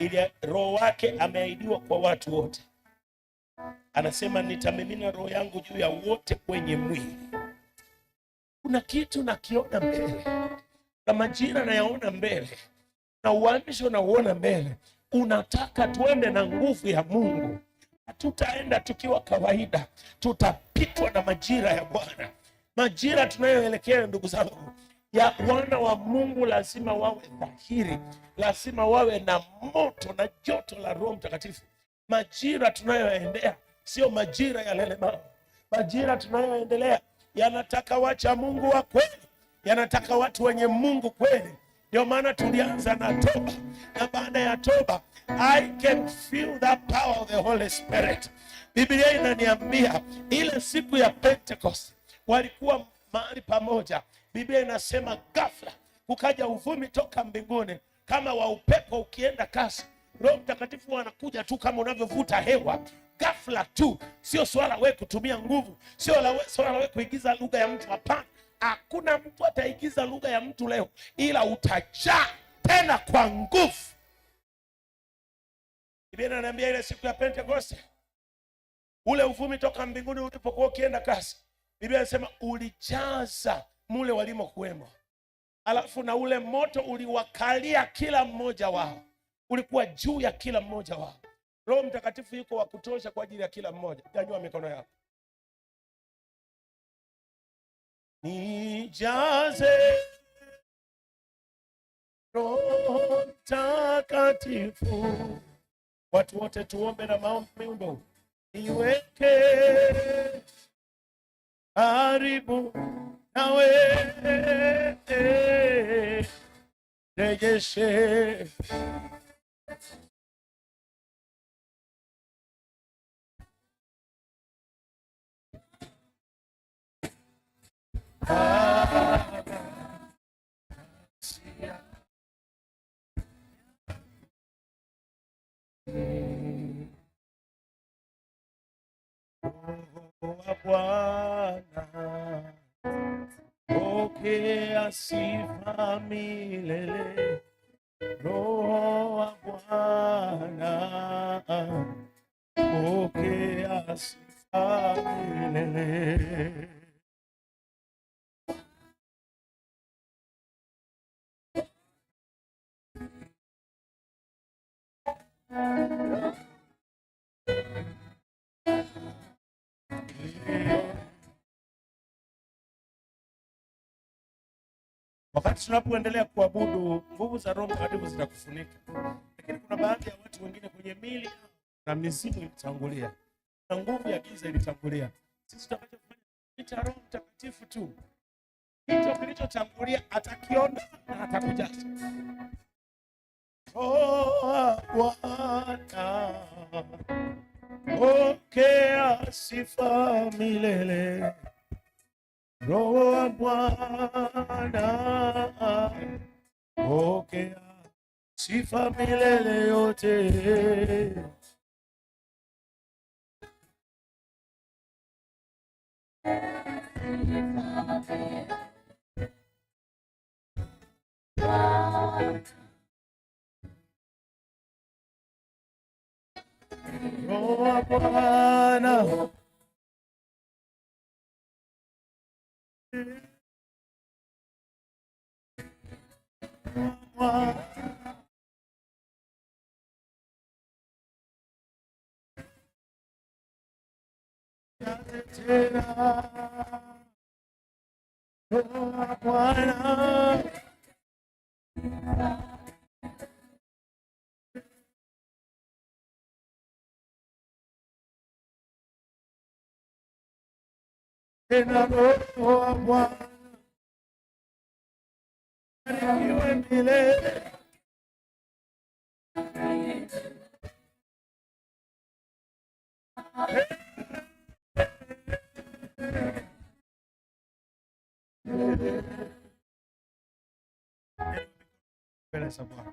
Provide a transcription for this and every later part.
ili roho wake ameahidiwa kwa watu wote. Anasema nitamimina roho yangu juu ya wote kwenye mwili. Kuna kitu nakiona mbele na majira nayaona mbele na uhamisho nauona mbele. Unataka tuende na nguvu ya Mungu, hatutaenda tukiwa kawaida, tutapitwa na majira ya Bwana, majira tunayoelekea, ndugu zangu ya wana wa Mungu lazima wawe dhahiri, lazima wawe na moto na joto la Roho Mtakatifu. Majira tunayoendea sio majira ya lele Majira tunayoendelea yanataka wacha Mungu wa kweli, yanataka watu wenye Mungu kweli. Ndio maana tulianza na toba, na baada ya toba, I can feel the power of the Holy Spirit. Biblia inaniambia ile siku ya Pentecost walikuwa mahali pamoja Biblia inasema ghafla ukaja uvumi toka mbinguni kama wa upepo ukienda kasi. Roho Mtakatifu anakuja tu kama unavyovuta hewa ghafla tu, sio swala wewe kutumia nguvu, sio swala wewe kuigiza lugha ya mtu. Hapana, hakuna mtu ataigiza lugha ya mtu leo, ila utajaa tena kwa nguvu. Biblia inaniambia ile siku ya Pentekoste ule uvumi toka mbinguni ulipokuwa ukienda kasi, Biblia inasema ulijaza mule walimokuwemo, alafu na ule moto uliwakalia kila mmoja wao, ulikuwa juu ya kila mmoja wao. Roho Mtakatifu yuko wa kutosha kwa ajili ya kila mmoja. Nyanyua mikono yako, nijaze Roho Mtakatifu. Watu wote tuombe na maombi umbo, niweke karibu oh, oh, oh, que así familia no aguana o oh, que así familia Wakati tunapoendelea kuabudu, nguvu za Roho Mtakatifu zitakufunika, lakini kuna baadhi ya watu wengine kwenye mili na mizimu ilitangulia na nguvu ya giza ilitangulia. Sisi tutakachofanya ita Roho Mtakatifu tu, hicho kilichotangulia atakiona na atakujaza. Toa Bwana, pokea sifa milele. Roho wa sifa milele Ninaroa Bwana, barikiwe milele. Hey. pesa Bwana.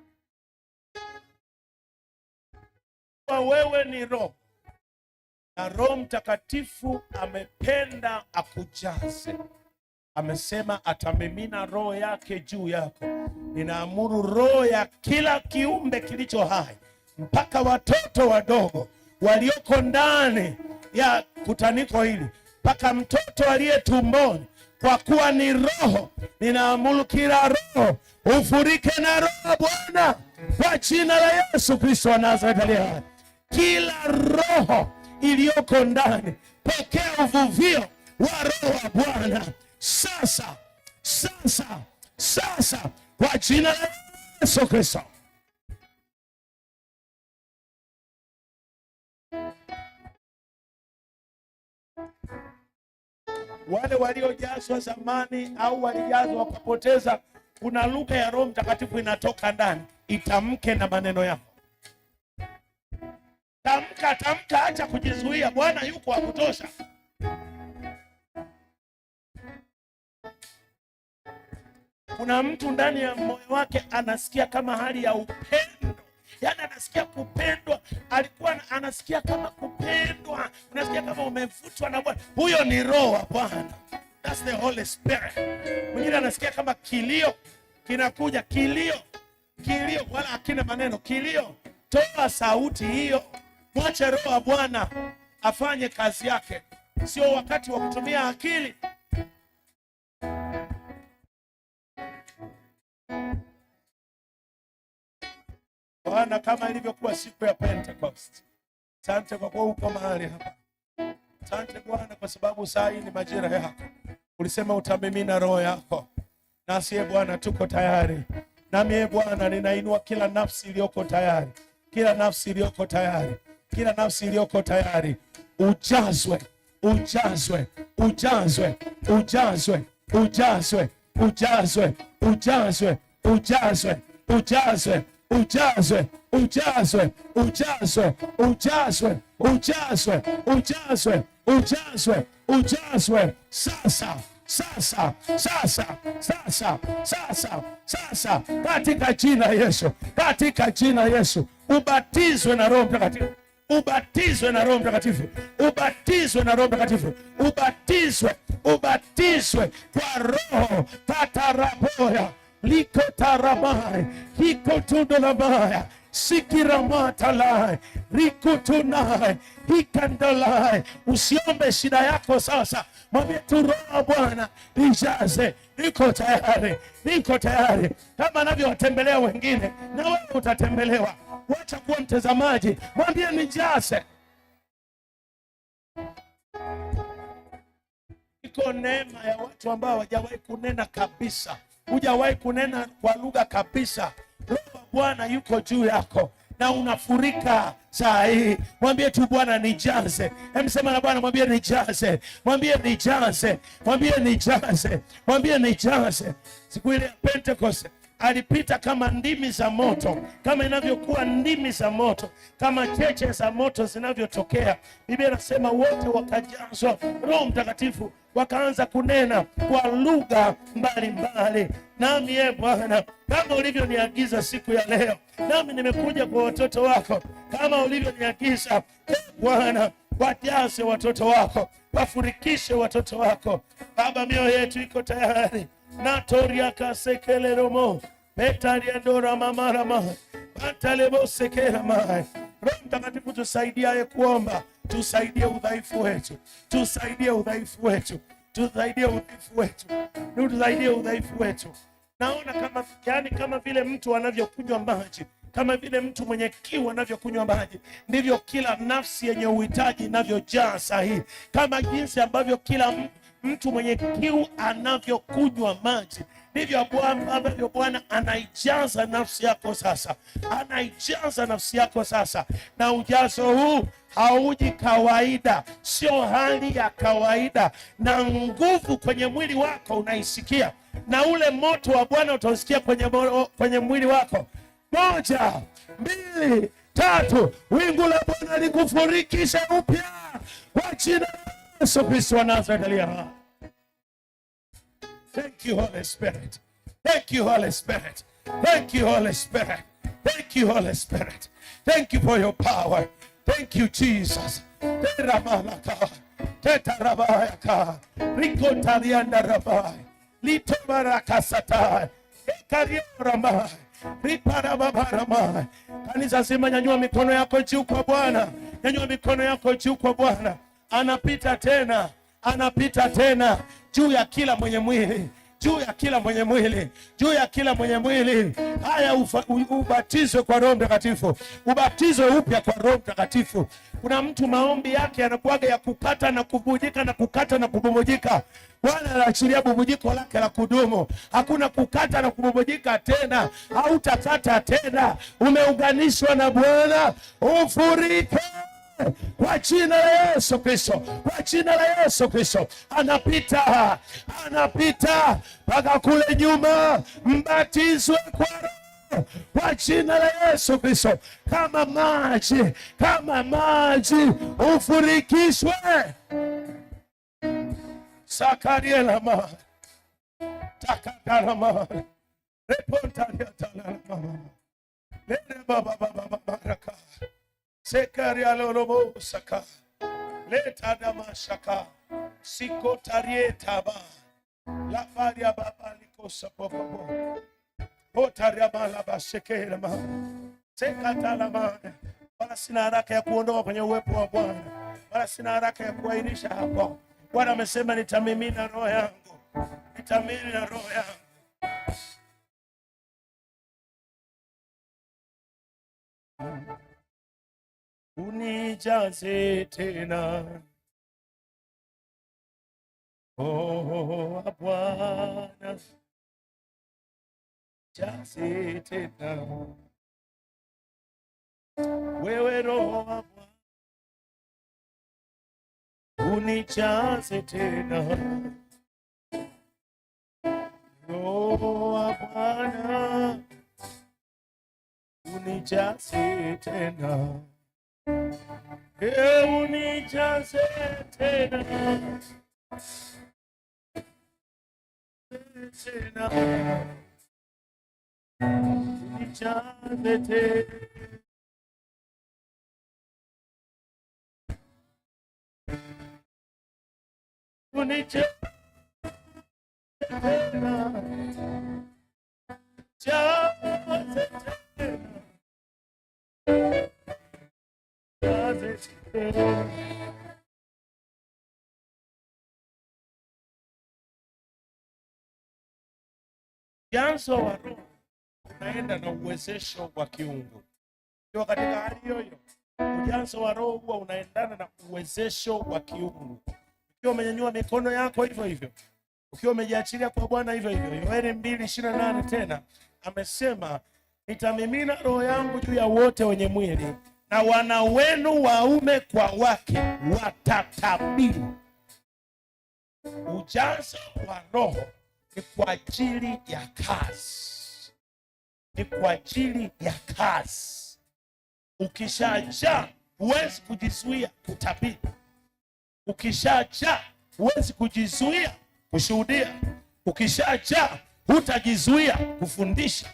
Kwa wewe ni roho na Roho Mtakatifu amependa akujaze. Amesema atamimina roho yake juu yako. Ninaamuru roho ya kila kiumbe kilicho hai mpaka watoto wadogo walioko ndani ya kutaniko hili mpaka mtoto aliye tumboni, kwa kuwa ni roho. Ninaamuru kila roho ufurike na roho Bwana, kwa jina la Yesu Kristo wa Nazareti aliye hai. Kila roho iliyoko ndani, pokea uvuvio wa roho wa Bwana sasa, sasa, sasa, kwa jina la Yesu Kristo. Wale waliojazwa zamani au walijazwa wakapoteza kuna lugha ya Roho Mtakatifu inatoka ndani, itamke na maneno yako. Tamka, tamka, acha kujizuia. Bwana yuko wa kutosha. Kuna mtu ndani ya moyo wake anasikia kama hali ya upendo, yaani anasikia kupendwa, alikuwa anasikia kama kupendwa, unasikia kama umevutwa na Bwana. Huyo ni roho wa Bwana. That's the Holy Spirit. Mwingine anasikia kama kilio kinakuja, kilio kilio, wala akina maneno, kilio. Toa sauti hiyo, mwache Roho wa Bwana afanye kazi yake. Sio wakati wa kutumia akili. Bwana, kama ilivyokuwa siku ya Pentecost, sante kwa kuwa uko mahali hapa. sante Bwana kwa sababu saa hii ni majira yako. Ulisema utamimina roho yako, nasi ye Bwana tuko tayari. Nami ye Bwana ninainua kila nafsi iliyoko tayari, kila nafsi iliyoko tayari, kila nafsi iliyoko tayari, ujazwe, ujazwe, ujazwe, ujazwe, ujazwe, ujazwe, ujazwe, ujazwe, ujazwe ujazwe ujazwe ujazwe ujazwe ujazwe ujazwe ujazwe, ujazwe sasa sasa sasa sasa sasa sasa, katika jina Yesu, katika jina Yesu, ubatizwe na Roho Mtakatifu, ubatizwe na Roho Mtakatifu, ubatizwe na Roho Mtakatifu, ubatizwe, ubatizwe kwa Roho tataraboya likotaramai hikotundolamaya sikiramatala rikutunai hikandala. Usiombe shida yako sasa, mwambie tu Roho Bwana ijaze, niko tayari, niko tayari. Kama anavyowatembelea wengine, na wewe utatembelewa. Wacha kuwa mtazamaji, mwambie nijaze, iko neema ya watu ambao hawajawahi kunena kabisa, hujawahi kunena kwa lugha kabisa Roho Bwana yuko juu yako na unafurika saa hii. Mwambie tu Bwana nijaze. Emsema na Bwana, mwambie nijaze, mwambie nijaze, mwambie nijaze, mwambie nijaze. Siku ile ya Pentekoste alipita kama ndimi za moto, kama inavyokuwa ndimi za moto, kama cheche za moto zinavyotokea. Biblia inasema wote wakajazwa Roho Mtakatifu, wakaanza kunena kwa lugha mbalimbali. Nami ye ee Bwana, kama ulivyoniagiza siku ya leo, nami nimekuja kwa watoto wako kama ulivyoniagiza ee Bwana, wajaze watoto wako, wafurikishe watoto wako. Baba, mioyo yetu iko tayari natoria kasekeleromo petariadora mamarama atalebosekerama. Roho Mtakatifu tusaidiaye kuomba, tusaidie udhaifu wetu, tusaidie udhaifu wetu, tusaidie udhaifu wetu, tusaidie udhaifu wetu. Naona kama yani, kama vile mtu anavyokunywa maji kama vile mtu mwenye kiu anavyokunywa maji, ndivyo kila nafsi yenye uhitaji inavyojaa sahihi. Kama jinsi ambavyo kila mtu mtu mwenye kiu anavyokunywa maji ndivyo ambavyo Bwana anaijaza nafsi yako sasa, anaijaza nafsi yako sasa. Na ujazo huu hauji kawaida, sio hali ya kawaida, na nguvu kwenye mwili wako unaisikia, na ule moto wa Bwana utausikia kwenye, kwenye mwili wako. Moja, mbili, tatu, wingu la Bwana likufurikisha upya kwa jina Yesu Kristo wa Nazareth aliye hai. Thank you Holy Spirit. Thank you Holy Spirit. Thank you Holy Spirit. Thank you Holy Spirit. Thank you for your power. Thank you Jesus. Teramalaka. Tetarabayaka. Rikotarianda rabai. Litomarakasatai. Ekariorama. Riparababarama. Kanisa sema nyanyua mikono yako juu kwa Bwana. Nyanyua mikono yako juu kwa Bwana anapita tena, anapita tena juu ya kila mwenye mwili juu ya kila mwenye mwili juu ya kila mwenye mwili. Haya, ubatizwe kwa Roho Mtakatifu, ubatizwe upya kwa Roho Mtakatifu. Kuna mtu maombi yake yanakuwaga ya kukata na kubujika na kukata na kububujika. Bwana anaachilia bubujiko lake la kudumu. Hakuna kukata na kububujika tena, hautakata tena. Umeunganishwa na Bwana, ufurike kwa jina la Yesu Kristo, kwa jina la Yesu Kristo, anapita anapita mpaka kule nyuma, mbatizwe kwa kwa jina la Yesu Kristo, kama maji kama maji ufurikishwe sakarielama takadarama repontaataaa sekarialolobosaka letadamashaka sikotarietaba lafariababalikosapovabo otariamalabasekelama sekatalama wala sina haraka ya kuondoka kwenye uwepo wa Bwana, wala sina haraka ya kuahirisha hapa. Bwana amesema nitamimina roho yangu, nitamimina roho yangu Thank mm unijaze tena oh, Bwana jaze tena wewe Roho wa Bwana unijaze tena Roho wa Bwana unijaze tena eu unijaze tena tena unijaze tena unijaze tena Christ. Ujanzo wa Roho unaenda na uwezesho wa kiungu. Kwa katika hali hiyo, ujanzo wa Roho huwa unaendana na uwezesho wa kiungu. Ukiwa umenyanyua mikono yako hivyo hivyo, ukiwa umejiachilia kwa Bwana hivyo hivyo. Yoeli mbili ishirini na nane tena amesema, nitamimina roho yangu juu ya wote wenye mwili na wana wenu waume kwa wake watatabiri. Ujazo wa Roho ni kwa ajili ya kazi, ni kwa ajili ya kazi. Ukishajaa huwezi kujizuia kutabiri, ukishajaa huwezi kujizuia kushuhudia, ukishajaa hutajizuia kufundisha,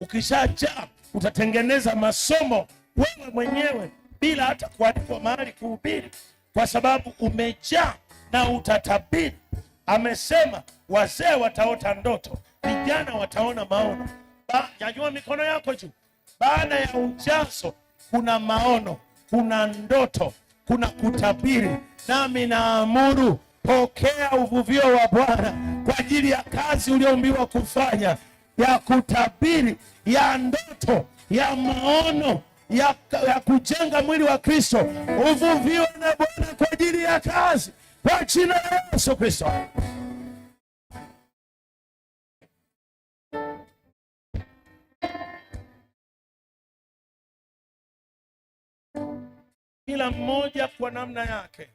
ukishajaa utatengeneza masomo wewe mwenyewe bila hata kualikwa mahali kuhubiri, kwa sababu umejaa na utatabiri. Amesema wazee wataota ndoto, vijana wataona maono. Nyanyua mikono yako juu. Baada ya ujazo kuna maono, kuna ndoto, kuna kutabiri. Nami naamuru, pokea uvuvio wa Bwana kwa ajili ya kazi ulioumbiwa kufanya, ya kutabiri, ya ndoto, ya maono ya, ya kujenga mwili wa Kristo uvuviwe na Bwana kwa ajili ya kazi kwa jina la Yesu Kristo. Kila mmoja kwa namna yake,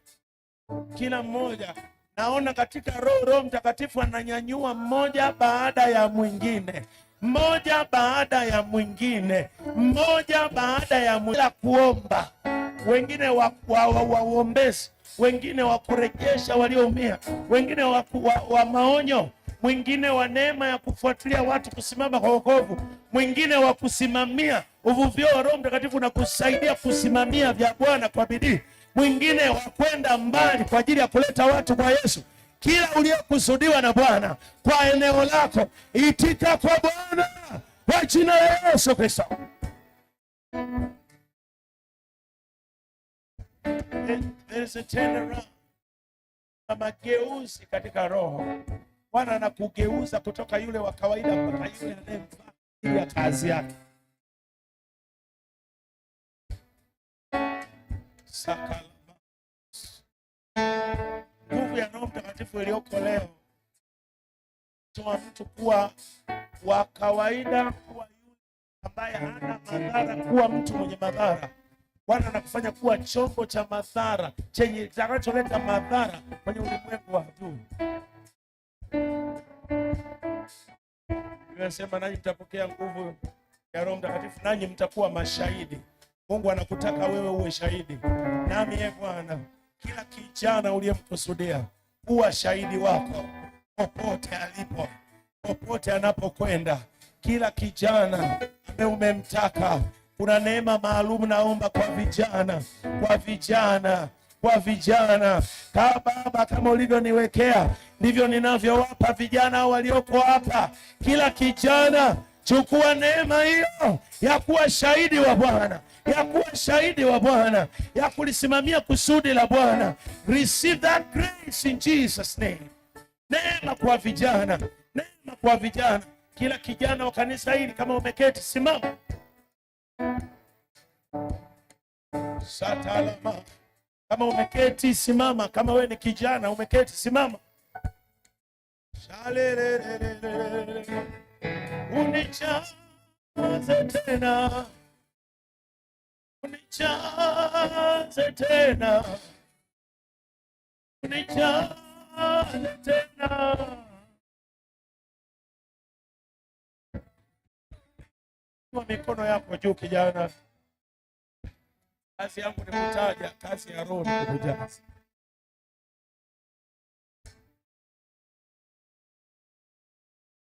kila mmoja naona katika Roho, Roho Mtakatifu ananyanyua mmoja baada ya mwingine mmoja baada ya mwingine, mmoja baada ya mwingine, kuomba wengine wawombezi wa, wa, wengine wa kurejesha walioumia, wengine wa, wa, wa maonyo, mwingine wa neema ya kufuatilia watu kusimama kwa wokovu, mwingine wa kusimamia uvuvio wa Roho Mtakatifu na kusaidia kusimamia vya Bwana kwa bidii, mwingine wa kwenda mbali kwa ajili ya kuleta watu kwa Yesu kila uliokusudiwa na Bwana kwa eneo lako. Itika kwa Bwana kwa jina la Yesu Kristo. Na mageuzi katika roho, Bwana anakugeuza kutoka yule wa kawaida mpaka yule anayemfaa ya kazi yake. Sakala nguvu ya Roho Mtakatifu iliyoko leo toa mtu kuwa wa kawaida, kuwa yule ambaye hana madhara, kuwa mtu mwenye madhara. Bwana anakufanya kuwa chombo cha madhara chenye kitakacholeta madhara kwenye ulimwengu wa juu. Nimesema nanyi mtapokea nguvu ya Roho Mtakatifu, nanyi mtakuwa mashahidi. Mungu anakutaka wewe uwe shahidi, nami ye ee Bwana kila kijana uliyemkusudia kuwa shahidi wako popote alipo, popote anapokwenda, kila kijana ambaye umemtaka. Kuna neema maalum, naomba kwa vijana, kwa vijana kwa vijana kama Baba, kama ulivyoniwekea ndivyo ninavyowapa vijana walioko hapa. Kila kijana, chukua neema hiyo ya kuwa shahidi wa Bwana ya kuwa shahidi wa Bwana, ya kulisimamia kusudi la Bwana. Receive that grace in Jesus name. Neema kwa vijana, neema kwa vijana. Kila kijana wa kanisa hili, kama umeketi, simama satalama. Kama umeketi simama, kama wewe ni kijana umeketi simama. Shalelelelele unichaze tena unichanze tena, unijaze tena, kwa mikono yako juu, kijana. Kazi yangu ni kutaja, kazi ya Roho ni kujaza.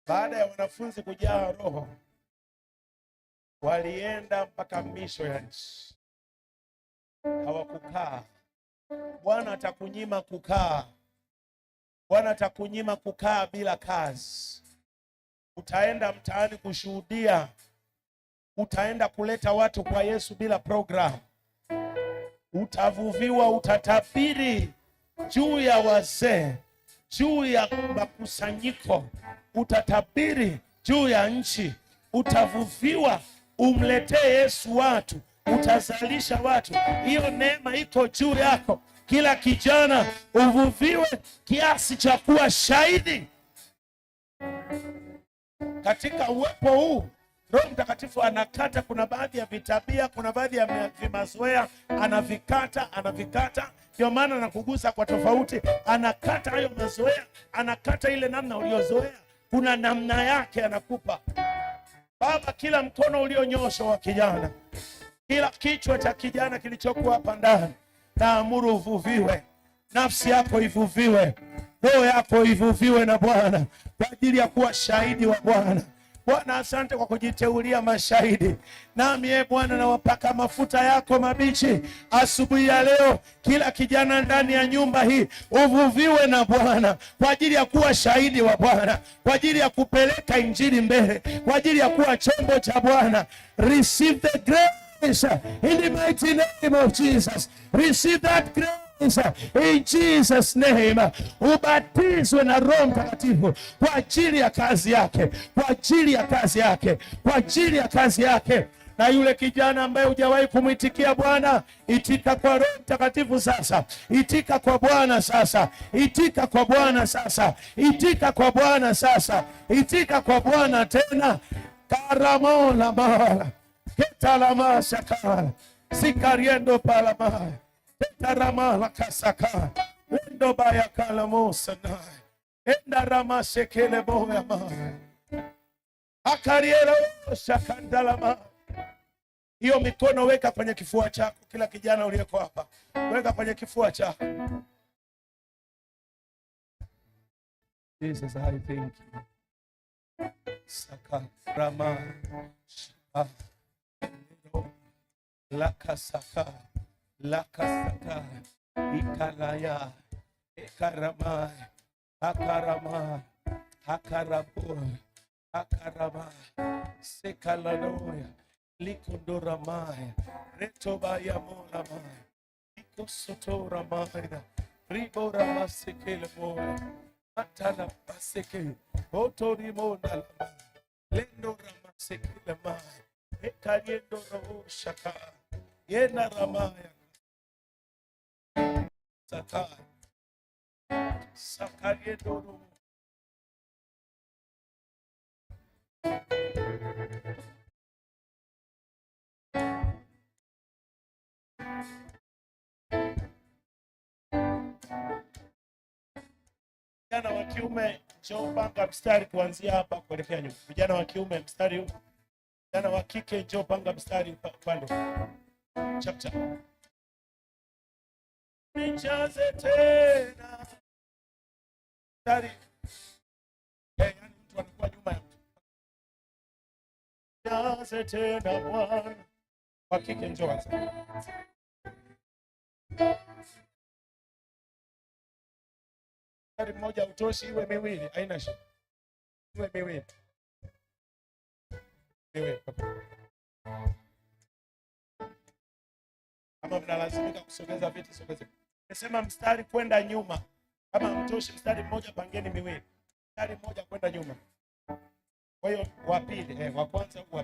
Baada ya wanafunzi kujaa Roho Walienda mpaka misho ya nchi, hawakukaa. Bwana atakunyima kukaa, Bwana atakunyima kukaa bila kazi. Utaenda mtaani kushuhudia, utaenda kuleta watu kwa Yesu bila programu, utavuviwa, utatabiri juu ya wazee, juu ya makusanyiko, utatabiri juu ya nchi, utavuviwa umletee Yesu watu, utazalisha watu. Hiyo neema iko juu yako. Kila kijana uvuviwe kiasi cha kuwa shahidi katika uwepo huu. Roho Mtakatifu anakata, kuna baadhi ya vitabia, kuna baadhi ya vimazoea anavikata, anavikata. Ndio maana anakugusa kwa tofauti, anakata hayo mazoea, anakata ile namna uliozoea, kuna namna yake anakupa Baba, kila mkono ulionyosha wa kijana, kila kichwa cha kijana kilichokuwa hapa ndani, naamuru uvuviwe, nafsi yako ivuviwe, roho yako ivuviwe na Bwana kwa ajili ya kuwa shahidi wa Bwana. Bwana, asante kwa kujiteulia mashahidi nami, e Bwana, nawapaka mafuta yako mabichi asubuhi ya leo. Kila kijana ndani ya nyumba hii uvuviwe na Bwana kwa ajili ya kuwa shahidi wa Bwana, kwa ajili ya kupeleka injili mbele, kwa ajili ya kuwa chombo cha Bwana. Receive the grace in the mighty name of Jesus, receive that grace. In Jesus name, ubatizwe na Roho Mtakatifu kwa ajili ya kazi yake, kwa ajili ya kazi yake, kwa ajili ya kazi yake. Na yule kijana ambaye hujawahi kumwitikia Bwana, itika kwa Roho Mtakatifu sasa, itika kwa Bwana sasa, itika kwa Bwana sasa, itika kwa Bwana sasa, itika kwa Bwana tena karamola mara ketalamasakaa sikariendo palamaya endobayakalamosanai hiyo mikono weka kwenye kifua chako. Kila kijana uliyeko hapa, weka kwenye kifua chako. Jesus, I thank you. ah, Lakasaka, Ikalaya, Ekarama, Akarama, Akarapo, Akarama, Sekalanoya, Likudoramaya, Retobaya Moramaya, Ikosotoramaya, Riborama Sekelamoya, Matala Paseke, Otorimona, Lendorama Sekelamaya, Ekayendo Shaka, Yena Ramaya, Vijana wa kiume njoo panga mstari kuanzia hapa kuelekea nyuma. Vijana wa kiume mstari huu. Vijana wa kike njoo panga mstari upande. Chapter nijaze tena dari tena Bwana, kwa kike njoo kwanza. mmoja utoshi, iwe miwili, haina shida, iwe miwili, kama mnalazimika kusogeza viti, Nimesema mstari kwenda nyuma. Kama mtoshi mstari mmoja, pangeni miwili, mstari mmoja kwenda nyuma. Kwa hiyo wa pili, eh, wa kwanza au wa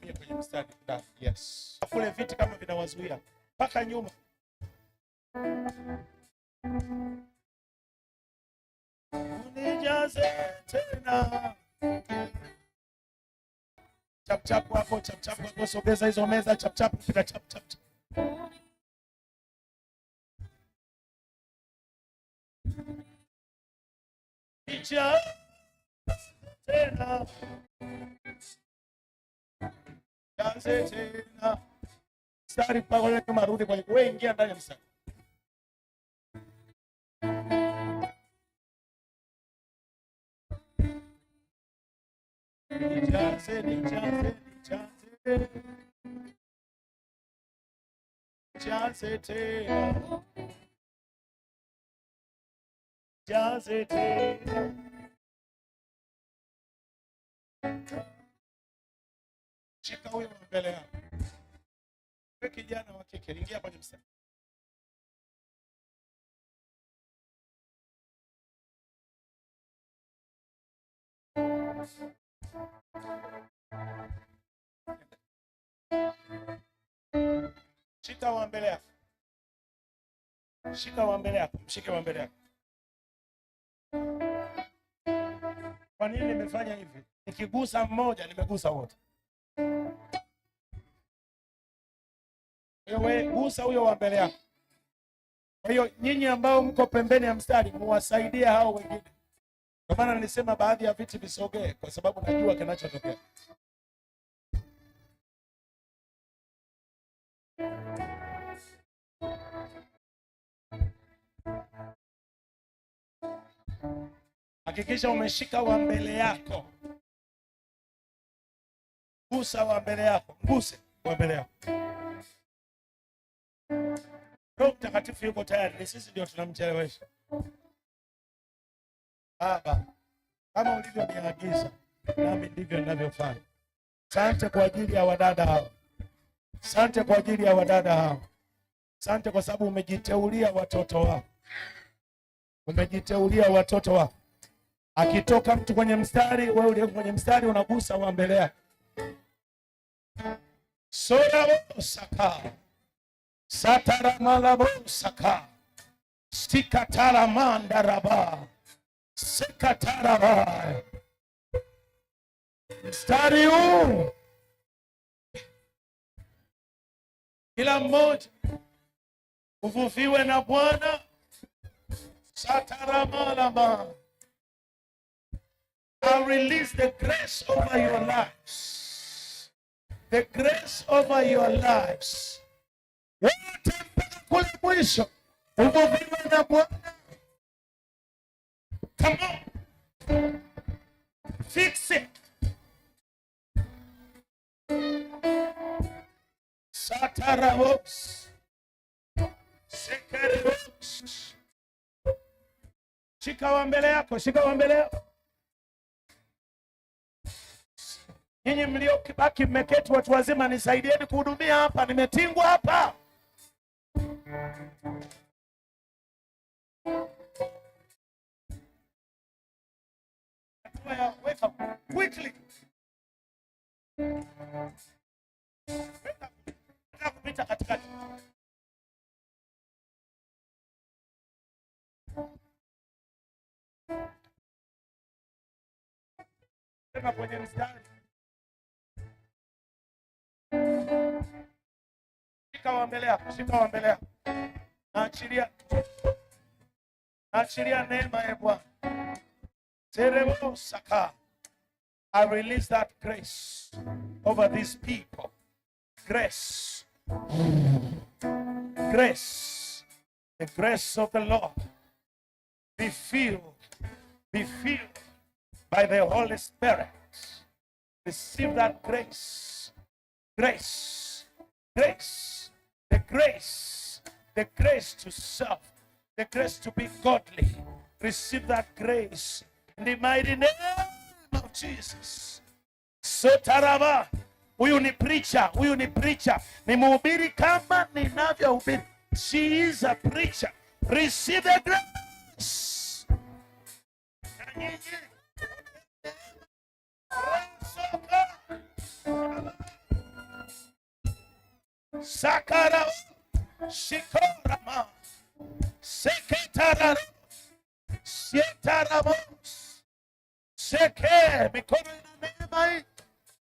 pili kwenye mstari da, yes. Kule viti kama vinawazuia mpaka nyuma. Unijaze tena chap chap hapo, chap chap hapo, sogeza hizo meza chap chap pika chap picture. Tina. Mstari mpaka kama rudi kwenye wengi ndani ya mstari. chance, chance, chance, chance, chance does it mean? Shika huyo mbele yako. Wewe kijana wa kike, ingia kwenye mstari. Shika wa mbele yako. Shika wa mbele yako. Mshike wa mbele yako. Kwa nini nimefanya hivi? Nikigusa mmoja, nimegusa wote. Ewe gusa huyo wa mbele yako. Kwa hiyo nyinyi ambao mko pembeni ya mstari muwasaidie hao wengine. Kwa maana nilisema baadhi ya viti visogee, kwa sababu najua kinachotokea. Hakikisha umeshika wa mbele yako, gusa wa mbele yako, nguse wa mbele yako. Roho Mtakatifu yuko tayari, ni sisi ndio tunamchelewesha. Baba, kama ulivyoniagiza, nami ndivyo ninavyofanya. Sante kwa ajili ya wadada hao, sante kwa ajili ya wadada hao, sante kwa sababu umejiteulia watoto wako, umejiteulia watoto wako Akitoka mtu kwenye mstari, wewe ulioko kwenye mstari unagusa wa mbele yake. sora satara sodaosaka sataramalabosaka sikataramandaraba sikataraba. Mstari huu kila mmoja uvuviwe na Bwana sataramalaba I release the grace over your lives. The grace over your lives. Come on. Fix it. Satarabos. Sekeribos. Shika wa mbele yako, shika yako. Nyinyi mliokibaki mmeketi watu wazima, nisaidieni kuhudumia hapa, nimetingwa hapa. kupita katikati kwenye mstari Naachilia, naachilia neema ya Bwana. saka. I release that grace over these people. Grace. Grace. The grace of the Lord. Be filled. Be filled by the Holy Spirit. Receive that grace. Grace. Grace the grace, the grace to serve, the grace to be godly. Receive that grace in the mighty name of Jesus. So taraba, huyu ni preacher, huyu ni preacher, ni mhubiri kama ninavyohubiri. She is a preacher. Receive the grace. Sakara Shikorama Seketara Sietaramos Seke Mikominamai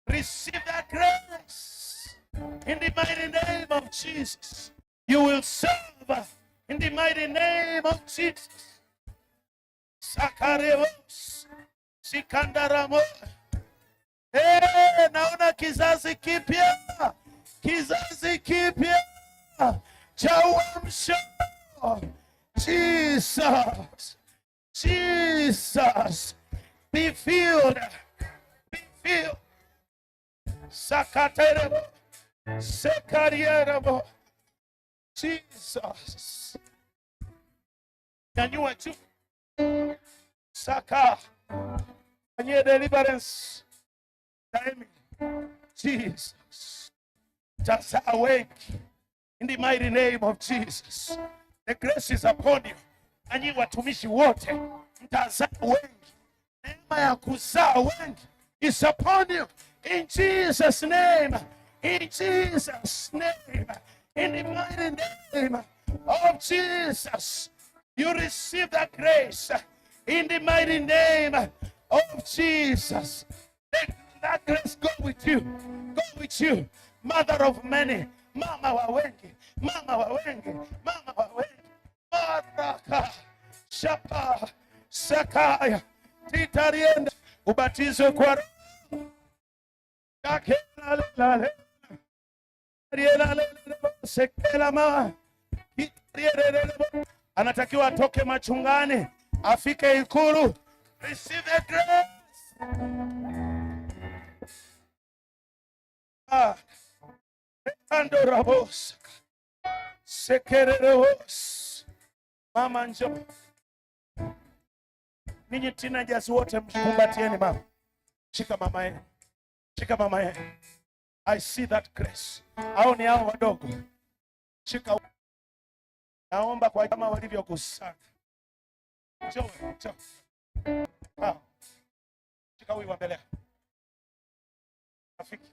Receive that grace in the mighty name of Jesus. You will serve in the mighty name of Jesus. Sakaremos Sikandaramos. Hey, naona kizazi kipya kizazi kipya cha uamsho. Jesus, Jesus, be filled, be filled. Sakaterebo, sekarierebo. Jesus, nyanyua juu. Saka, fanyie deliverance. Daimi, Jesus. Just awake in the mighty name of Jesus. The grace is upon you. Nanyi watumishi wote mtazaa wengi, neema ya kuzaa wengi It's upon you in Jesus name, in Jesus name, in the mighty name of Jesus. You receive that grace in the mighty name of Jesus. Let that grace go with you, go with you. mother of many, mama wa wengi, mama wa wengi, mama wa wengi. Baraka shapa sakaya titarienda ubatizwe kwa anatakiwa atoke machungani afike Ikulu. Receive the grace. Ah. Ando andorabos sekererevos. Mama njo ninyi teenagers wote mkumbatieni mama, shika mama yenu, shika mama yenu. I see that grace. Hao ni hao wadogo, shika. Naomba kwa kama walivyokusana, njoo njoo, shika huyu wa mbele, rafiki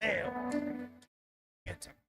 leo It's a